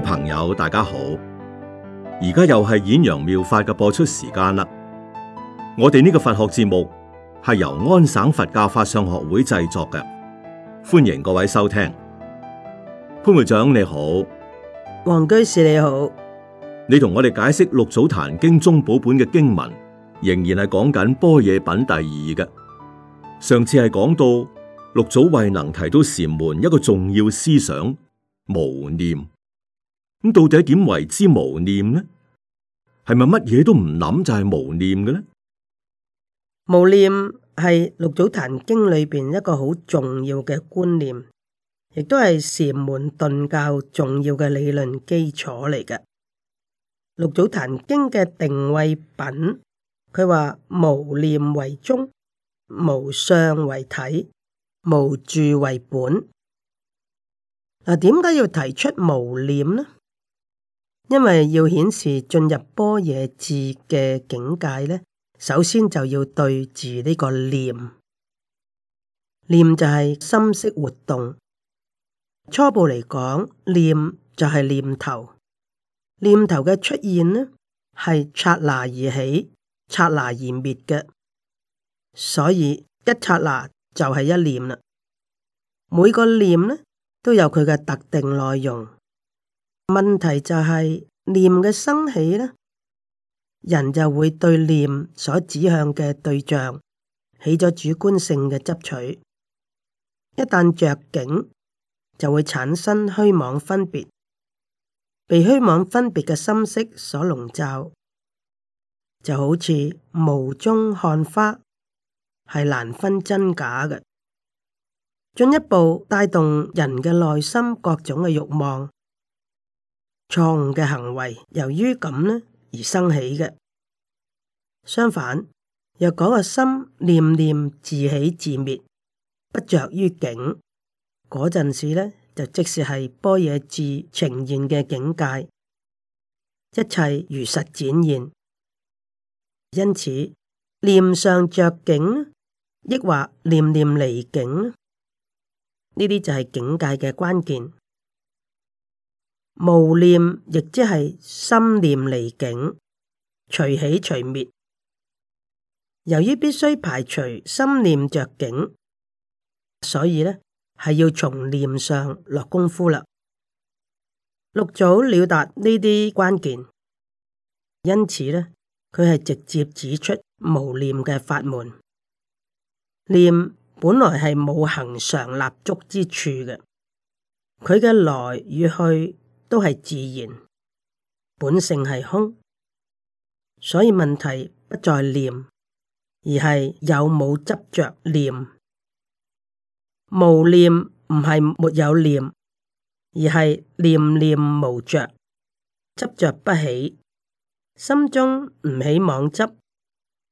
朋友，大家好，而家又係演揚妙，妙法嘅播出時間啦。我哋呢個佛學節目係由安省佛教法相學會製作嘅，歡迎各位收聽。潘會長你好，黃居士你好，你同我哋解釋六祖壇經中寶本嘅經文，仍然係講緊般若品第二嘅。上次係講到六祖慧能提到禪門一個重要思想無念。咁到底點為之無念呢？係咪乜嘢都唔諗就係無念嘅呢？無念係六祖壇經裏邊一個好重要嘅觀念，亦都係禪門頓教重要嘅理論基礎嚟嘅。六祖壇經嘅定位品，佢話無念為宗，無相為體，無住為本。嗱，點解要提出無念呢？因為要顯示進入般若智嘅境界呢，首先就要對住呢個念，念就係心識活動。初步嚟講，念就係念頭，念頭嘅出現呢，係剎那而起，剎那而滅嘅。所以一剎那就係一念啦。每個念呢，都有佢嘅特定內容。問題就係、是、念嘅生起呢，人就會對念所指向嘅對象起咗主觀性嘅執取。一旦着境，就會產生虛妄分別，被虛妄分別嘅心色所籠罩，就好似霧中看花，係難分真假嘅。進一步帶動人嘅內心各種嘅欲望。錯誤嘅行為，由於咁呢而生起嘅。相反，若講個心念念自起自滅，不着於境，嗰陣時呢就即使是係般若智呈現嘅境界，一切如實展現。因此，念上着境，抑或念念離境，呢啲就係境界嘅關鍵。無念亦即係心念離境，隨起隨滅。由於必須排除心念着境，所以呢係要從念上落功夫啦。六祖了達呢啲關鍵，因此呢，佢係直接指出無念嘅法門。念本來係冇恆常立足之處嘅，佢嘅來與去。都係自然，本性係空，所以問題不在念，而係有冇執着念。無念唔係沒有念，而係念念無着，執着不起，心中唔起妄執，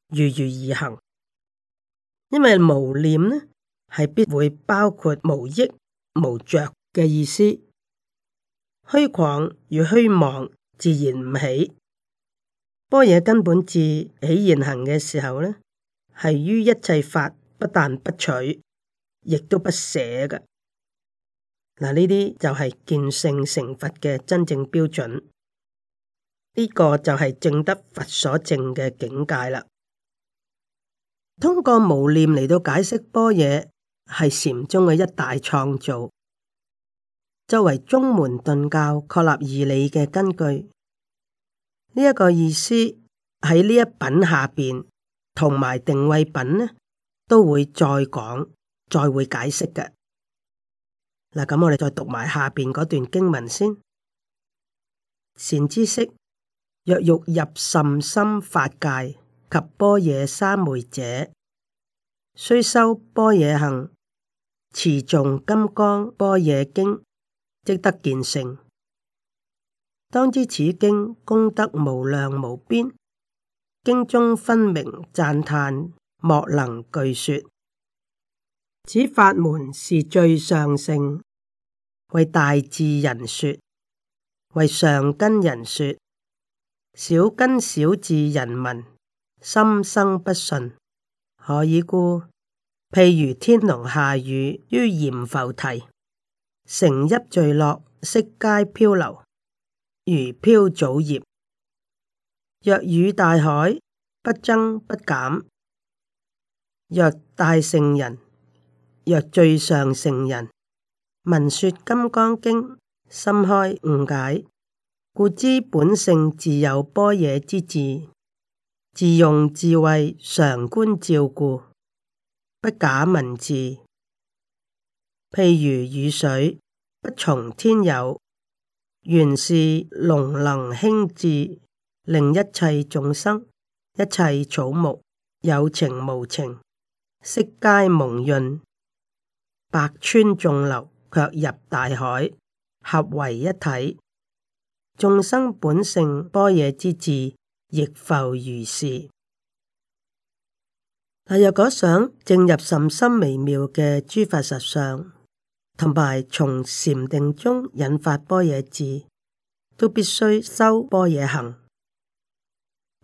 如如而行。因為無念呢，係必會包括無益、無着嘅意思。虛狂與虛妄自然唔起，般若根本自起現行嘅時候呢，係於一切法不但不取，亦都不捨嘅。嗱，呢啲就係見性成佛嘅真正標準，呢、這個就係證得佛所證嘅境界啦。通過無念嚟到解釋般若係禪宗嘅一大創造。作為中門頓教確立義理嘅根據，呢、這、一個意思喺呢一品下邊同埋定位品呢都會再講，再會解釋嘅。嗱，咁我哋再讀埋下邊嗰段經文先。善知識，若欲入甚深法界及般若三昧者，須修般若行，持誦金剛般若經。即得見性，當知此經功德無量無邊，經中分明讚嘆，莫能具說。此法門是最上乘，為大智人說，為上根人說。小根小智人民心生不信，何以故？譬如天龍下雨於閻浮提。成邑聚落，悉皆漂流，如漂草葉。若遇大海不增不減；若大聖人，若最上聖人，聞說金剛經，心開悟解，故知本性自有般若之智，自用智慧常觀照顧，不假文字。譬如雨水不從天有，原是龍能興致，令一切眾生，一切草木有情無情，色皆蒙潤，百川眾流卻入大海，合為一體。眾生本性般若之智，亦浮如是。但若果想正入甚深微妙嘅諸法實相，同埋從禪定中引發般若智，都必須修般若行。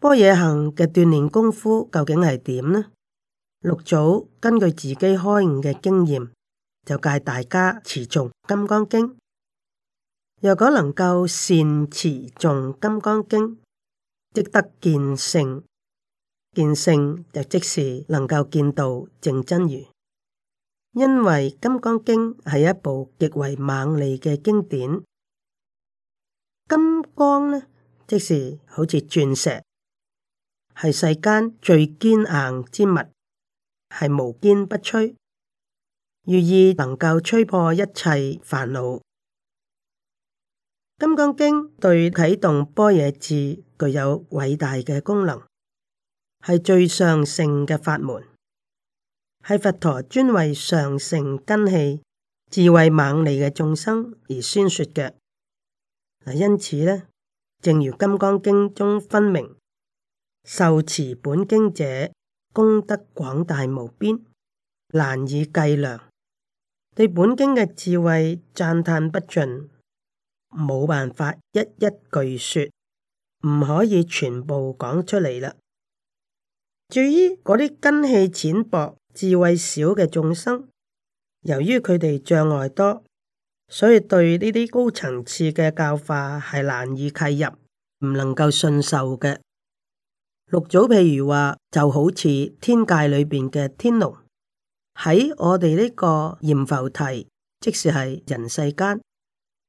般若行嘅鍛煉功夫究竟係點呢？六祖根據自己開悟嘅經驗，就教大家持誦《金剛經》。若果能夠善持誦《金剛經》，即得見性。見性就即時能夠見到正真如。因為《金剛經》係一部極為猛利嘅經典。金剛呢，即是好似鑽石，係世間最堅硬之物，係無堅不摧，寓意能夠摧破一切煩惱。《金剛經》對啟動般若智具有偉大嘅功能，係最上乘嘅法門。係佛陀專為上乘根器、智慧猛利嘅眾生而宣説嘅。嗱，因此呢，正如《金剛經》中分明受持本經者，功德廣大無邊，難以計量。對本經嘅智慧讚歎不盡，冇辦法一一具説，唔可以全部講出嚟啦。至於嗰啲根器淺薄，智慧少嘅眾生，由於佢哋障礙多，所以對呢啲高層次嘅教化係難以契入，唔能夠信受嘅。六祖譬如話，就好似天界裏邊嘅天龍，喺我哋呢個閻浮提，即使係人世間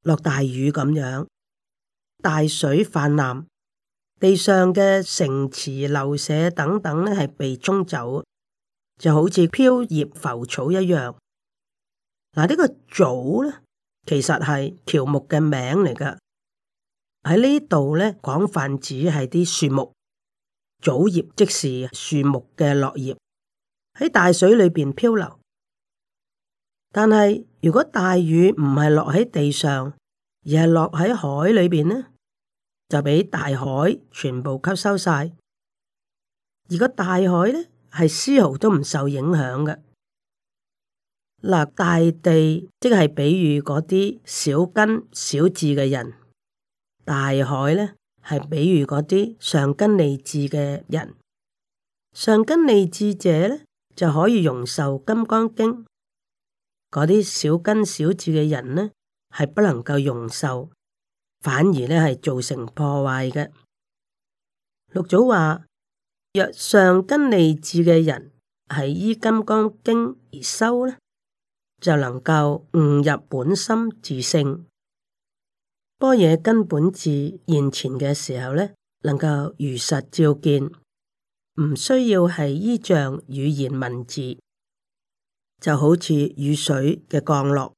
落大雨咁樣，大水泛濫，地上嘅城池、樓舍等等咧，係被沖走。就好似飄葉浮草一樣，嗱，呢個藻咧，其實係喬木嘅名嚟噶，喺呢度咧廣泛指係啲樹木藻葉，即是樹木嘅落葉喺大水裏邊漂流。但係如果大雨唔係落喺地上，而係落喺海裏邊咧，就俾大海全部吸收晒。而個大海咧。係絲毫都唔受影響嘅嗱，大地即係比喻嗰啲小根小智嘅人，大海呢係比喻嗰啲上根利智嘅人，上根利智者呢就可以容受《金剛經》，嗰啲小根小智嘅人呢係不能夠容受，反而呢係造成破壞嘅。六祖話。若上根利智嘅人係依金剛經而修呢，就能夠悟入本心自性。般若根本智現前嘅時候呢，能夠如實照見，唔需要係依仗語言文字，就好似雨水嘅降落。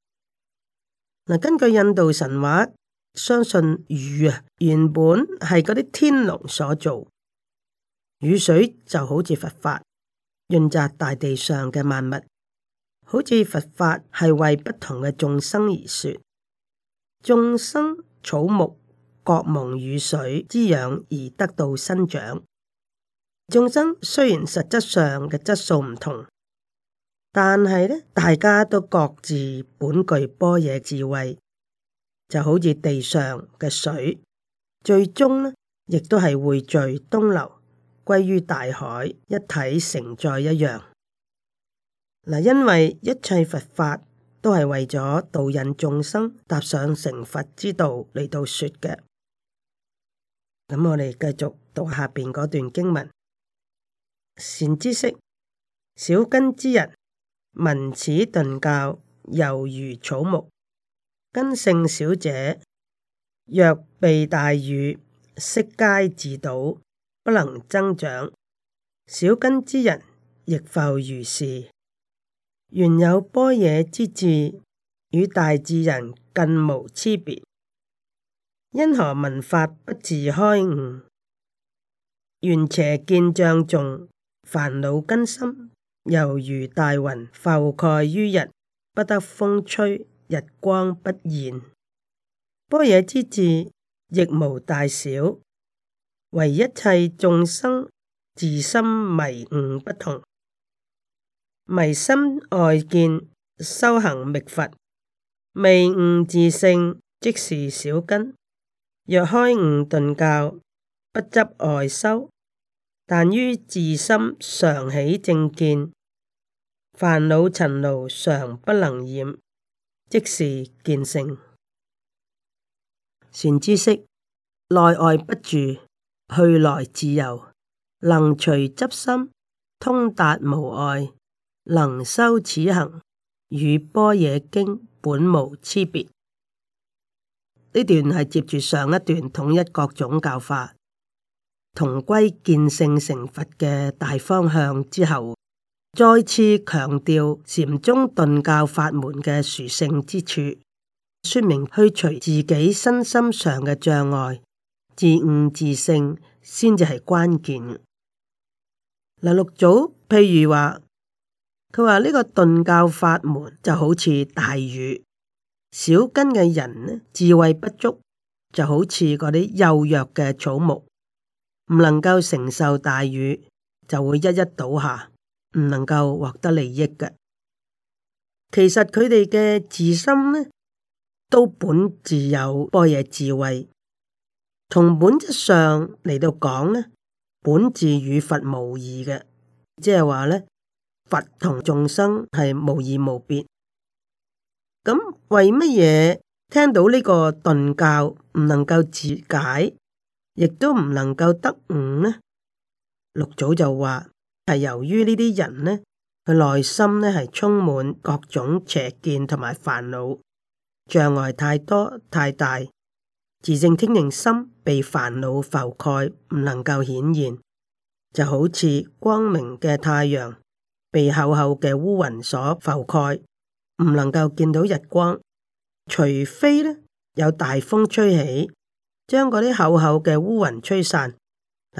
根據印度神話，相信雨啊，原本係嗰啲天龍所做。雨水就好似佛法潤澤大地上嘅萬物，好似佛法係為不同嘅眾生而說。眾生草木各蒙雨水滋養而得到生長。眾生雖然實質上嘅質素唔同，但係呢，大家都各自本具般若智慧，就好似地上嘅水，最終呢亦都係匯聚東流。歸於大海，一體承載一樣，嗱，因為一切佛法都係為咗導引眾生踏上成佛之道嚟到說嘅。咁我哋繼續讀下邊嗰段經文：善知識，小根之人聞此頓教，猶如草木，根性小者，若被大雨，悉皆自倒。不能增長，小根之人亦復如是。原有般若之智與大智人更無差別。因何聞法不自開悟？緣邪見障重，煩惱根深，猶如大雲覆蓋於日，不得風吹，日光不現。般若之智亦無大小。為一切眾生自心迷悟不同，迷心外見修行秘法，未悟自性即是小根。若開悟頓教，不執外修，但於自心常起正見，煩惱塵勞常不能染，即是見性。善知識，內外不住。去來自由，能除執心，通達無礙，能修此行與般若經本無差別。呢段係接住上一段統一各種教法，同歸見性成佛嘅大方向之後，再次強調禪宗頓教法門嘅殊勝之處，說明去除自己身心上嘅障礙。自悟自性先至係關鍵。嗱，六祖譬如話，佢話呢個頓教法門就好似大雨，小根嘅人呢，智慧不足，就好似嗰啲幼弱嘅草木，唔能夠承受大雨，就會一一倒下，唔能夠獲得利益嘅。其實佢哋嘅自心呢，都本自有般若智慧。從本質上嚟到講呢，本自與佛無異嘅，即係話呢，佛同眾生係無異無別。咁、嗯、為乜嘢聽到呢個頓教唔能夠自解，亦都唔能夠得悟呢？六祖就話係由於呢啲人呢，佢內心呢係充滿各種邪見同埋煩惱，障礙太多太大。自性天靈心被煩惱覆蓋唔能夠顯現，就好似光明嘅太陽被厚厚嘅烏雲所覆蓋，唔能夠見到日光。除非呢，有大風吹起，將嗰啲厚厚嘅烏雲吹散，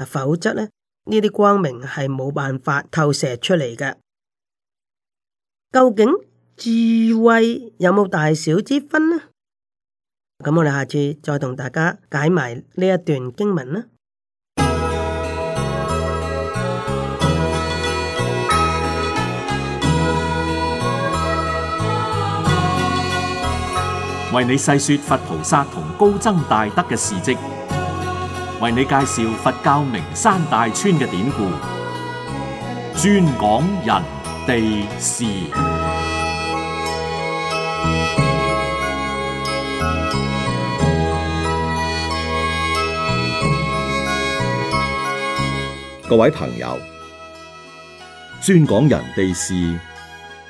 否則呢啲光明係冇辦法透射出嚟嘅。究竟智慧有冇大小之分呢？咁我哋下次再同大家解埋呢一段經文啦。為你細說佛菩薩同高僧大德嘅事跡，為你介紹佛教名山大川嘅典故，專講人地事。各位朋友，專講人地事，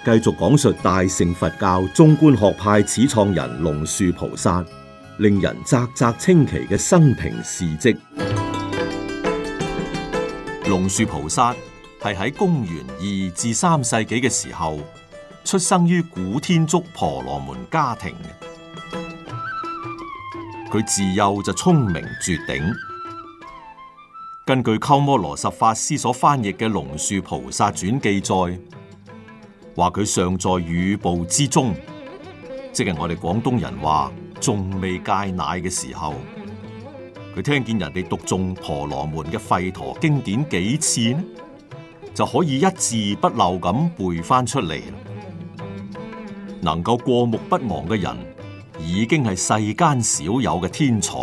繼續講述大乘佛教中觀學派始創人龍樹菩薩令人嘖嘖稱奇嘅生平事跡。龍樹菩薩係喺公元二至三世紀嘅時候，出生於古天竺婆羅門家庭。佢自幼就聰明絕頂。根據鳩摩羅什法師所翻譯嘅《龍樹菩薩傳》記載，話佢尚在乳哺之中，即係我哋廣東人話仲未戒奶嘅時候，佢聽見人哋讀誦婆羅門嘅吠陀經典幾次呢，就可以一字不漏咁背翻出嚟，能夠過目不忘嘅人，已經係世間少有嘅天才。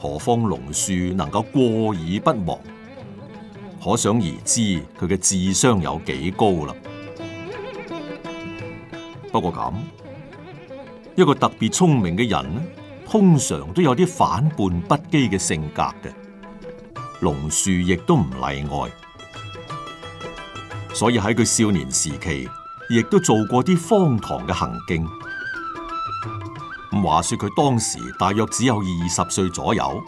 何況龍樹能夠過耳不忘，可想而知佢嘅智商有幾高啦。不過咁，一個特別聰明嘅人呢，通常都有啲反叛不羈嘅性格嘅，龍樹亦都唔例外。所以喺佢少年時期，亦都做過啲荒唐嘅行徑。話說佢當時大約只有二十歲左右，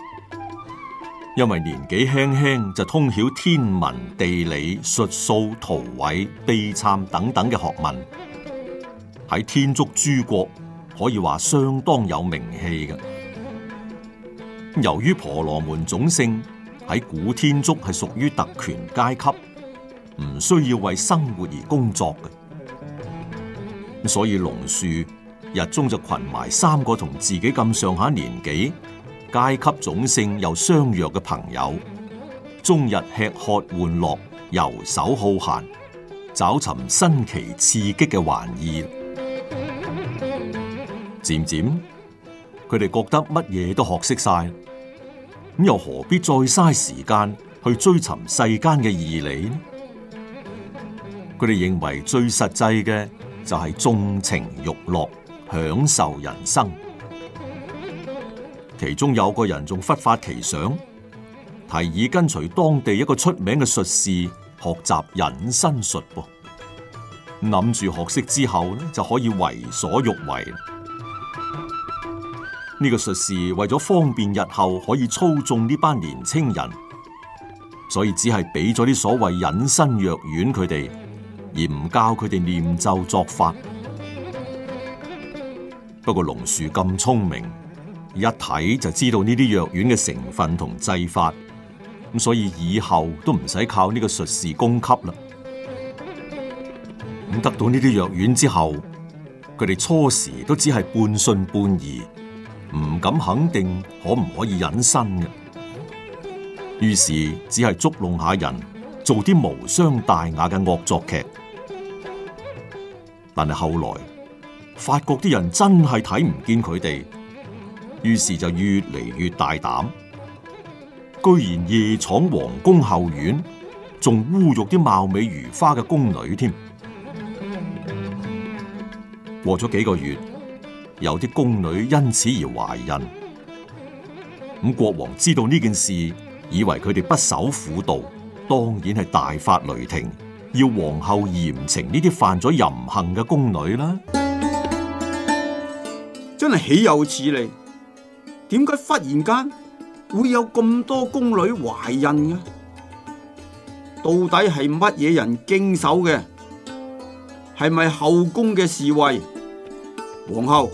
因爲年紀輕輕就通曉天文地理、術數、圖緯、祕讖等等嘅學問，喺天竺諸國可以話相當有名氣嘅。由於婆羅門種姓喺古天竺係屬於特權階級，唔需要為生活而工作嘅，所以龍樹。日中就群埋三個同自己咁上下年紀、階級、種姓又相若嘅朋友，終日吃喝玩樂、游手好閒，找尋新奇刺激嘅玩意。漸漸，佢哋覺得乜嘢都學識晒，咁又何必再嘥時間去追尋世間嘅義理？佢哋認為最實際嘅就係縱情欲樂，享受人生，其中有個人仲忽發奇想，提議跟隨當地一個出名嘅術士學習隱身術噃，諗住學識之後咧就可以為所欲為。呢個術士為咗方便日後可以操縱呢班年青人，所以只係俾咗啲所謂隱身藥丸佢哋，而唔教佢哋念咒作法。不過龍樹咁聰明，一睇，就知道呢啲藥丸嘅成分同製法，咁所以以後都唔使靠呢個術士供給啦。咁得到呢啲藥丸之後，佢哋初時都只係半信半疑，唔敢肯定可唔可以隱身嘅。於是只係捉弄下人，做啲無傷大雅嘅惡作劇。但係後來，發覺啲人真係睇唔見佢哋，於是就越嚟越大膽，居然夜闖皇宮後院，仲污辱啲貌美如花嘅宮女添。過咗幾個月，有啲宮女因此而懷孕。咁國王知道呢件事，以為佢哋不守婦道，當然係大發雷霆，要皇后嚴懲呢啲犯咗淫行嘅宮女啦。真係豈有此理！點解忽然間會有咁多宮女懷孕呢？到底係乜嘢人經手嘅？係咪後宮嘅侍衛？皇后，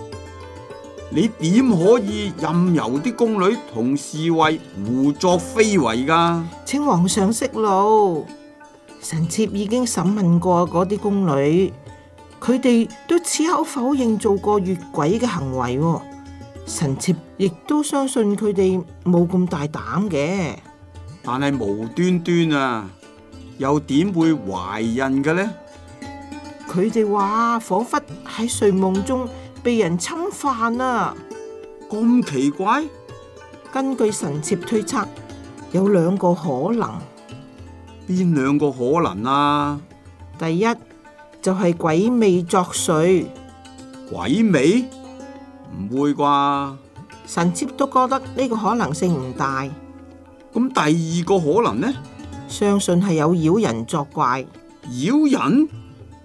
你點可以任由啲宮女同侍衛胡作非為噶？請皇上息怒。臣妾已經審問過嗰啲宮女。佢哋都矢口否認做過越軌嘅行為，臣妾亦都相信佢哋冇咁大膽嘅。但係無端端啊，又點會懷孕嘅呢？佢哋話仿佛喺睡夢中被人侵犯啊！咁奇怪？根據臣妾推測，有兩個可能。邊兩個可能啊？第一。就係鬼魅作祟。鬼魅唔會啩？神妾都覺得呢個可能性唔大。咁第二個可能呢？相信係有妖人作怪。妖人？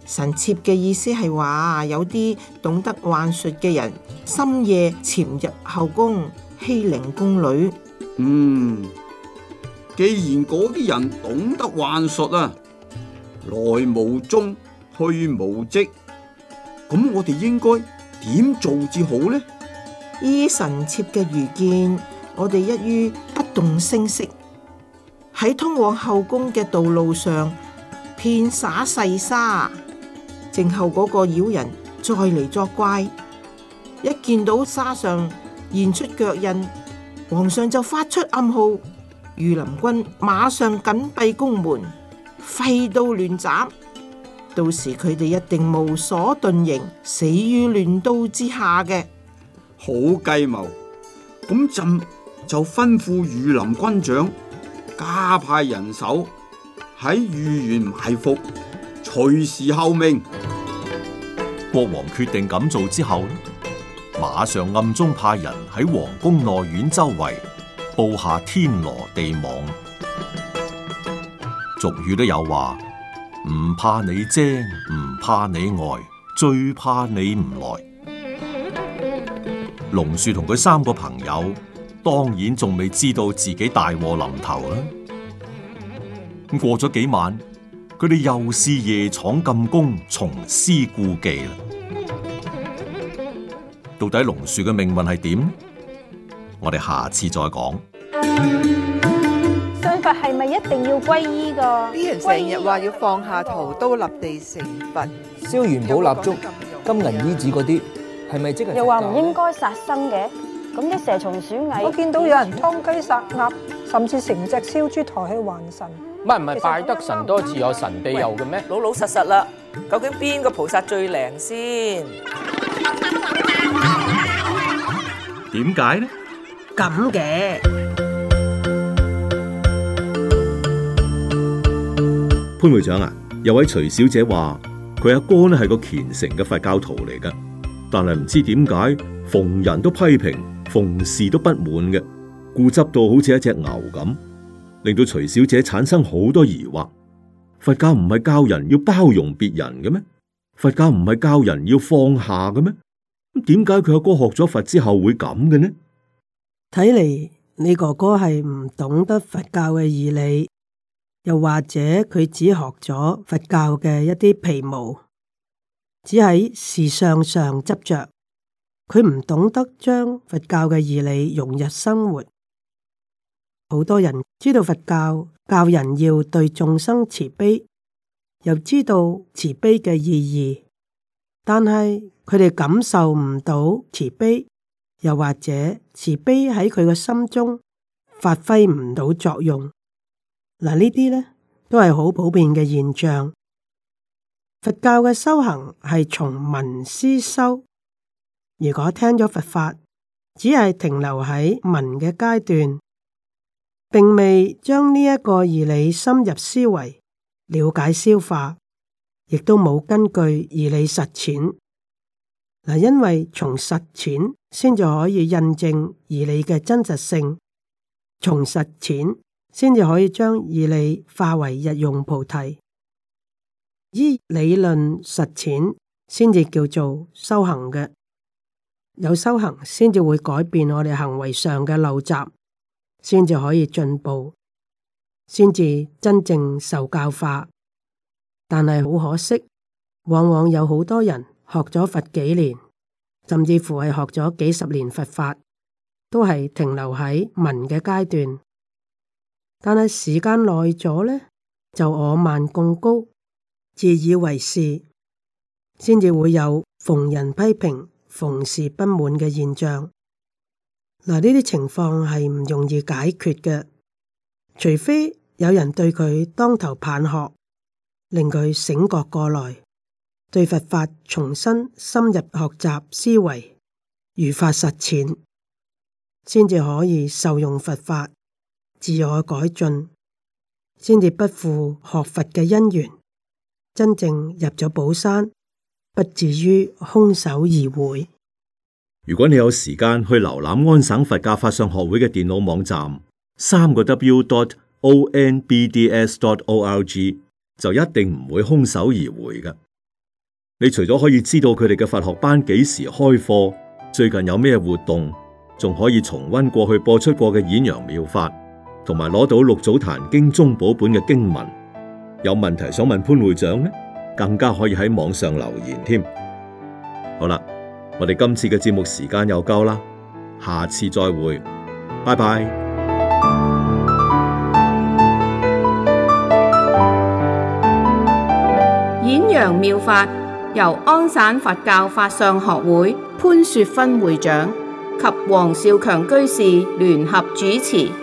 神妾嘅意思係話有啲懂得幻術嘅人，深夜潛入後宮欺凌宮女。嗯，既然嗰啲人懂得幻術啊，來無蹤，去無跡，咁我哋應該點做至好呢？依臣妾嘅愚見，我哋一於不動聲色，喺通往後宮嘅道路上遍灑細沙，靜候嗰個妖人再嚟作怪。一見到沙上現出腳印，皇上就發出暗號，御林軍馬上緊閉宮門，揮刀亂斬。到時佢哋一定無所遁形，死於亂刀之下嘅。好計謀！咁朕就吩咐御林軍長加派人手喺御園埋伏，隨時候命。國王決定咁做之後，馬上暗中派人喺皇宮內院周圍布下天羅地網。俗語都有話。唔怕你精，唔怕你呆，最怕你唔來。龍樹同佢三個朋友，當然仲未知道自己大禍臨頭啦。咁過咗幾晚，佢哋又試夜闖禁宮，重施故技啦。到底龍樹嘅命運係點？我哋下次再講。佛係咪一定要皈依噶？啲人成日話要放下屠刀立地成佛，燒元寶蠟燭、金銀衣紙嗰啲，係咪即係？又話唔應該殺生嘅，咁啲蛇蟲鼠蟻，我見到有人劏雞殺鴨，甚至成隻燒豬抬去還神。唔係唔係，拜得神多自有神庇佑嘅咩？老老實實啦，究竟邊個菩薩最靈先？點解呢？咁嘅。潘會長啊，有位徐小姐話佢阿哥咧，係個虔誠嘅佛教徒嚟嘅，但係唔知點解逢人都批評，逢事都不滿嘅固執到好似一隻牛咁，令到徐小姐產生好多疑惑。佛教唔係教人要包容別人嘅咩？佛教唔係教人要放下嘅咩？咁點解佢阿哥學咗佛之後會咁嘅呢？睇嚟你哥哥係唔懂得佛教嘅義理。又或者佢只學咗佛教嘅一啲皮毛，只喺時尚上執着，佢唔懂得將佛教嘅義理融入生活。好多人知道佛教教人要對眾生慈悲，又知道慈悲嘅意義，但係佢哋感受唔到慈悲，又或者慈悲喺佢嘅心中發揮唔到作用。嗱，呢啲呢都係好普遍嘅現象。佛教嘅修行係從聞思修。如果聽咗佛法，只係停留喺聞嘅階段，並未將呢一個義理深入思維、了解消化，亦都冇根據義理實踐。嗱，因為從實踐先就可以印證義理嘅真實性，從實踐。先至可以將義理化為日用菩提，依理論實踐先至叫做修行嘅。有修行先至會改變我哋行為上嘅陋習，先至可以進步，先至真正受教化。但係好可惜，往往有好多人學咗佛幾年，甚至乎係學咗幾十年佛法，都係停留喺聞嘅階段。但係時間耐咗呢，就我慢貢高，自以為是，先至會有逢人批評、逢事不滿嘅現象。嗱，呢啲情況係唔容易解決嘅，除非有人對佢當頭棒喝，令佢醒覺過來，對佛法重新深，深入學習思維，如法實踐，先至可以受用佛法。自我改進，先至不負學佛嘅因緣，真正入咗寶山，不至於空手而回。如果你有時間去瀏覽安省佛教法相學會嘅電腦網站，網站三個 w dot o n b d s dot o r g，就一定唔會空手而回嘅。你除咗可以知道佢哋嘅佛學班幾時開課，最近有咩活動，仲可以重温過去播出過嘅演揚妙法。同埋攞到《六祖壇經》中寶本嘅經文，有問題想問潘會長呢，更加可以喺網上留言添。好啦，我哋今次嘅節目時間又夠啦，下次再會，拜拜。演揚妙法由安省佛教法相學會潘雪芬會長及黃少強居士聯合主持。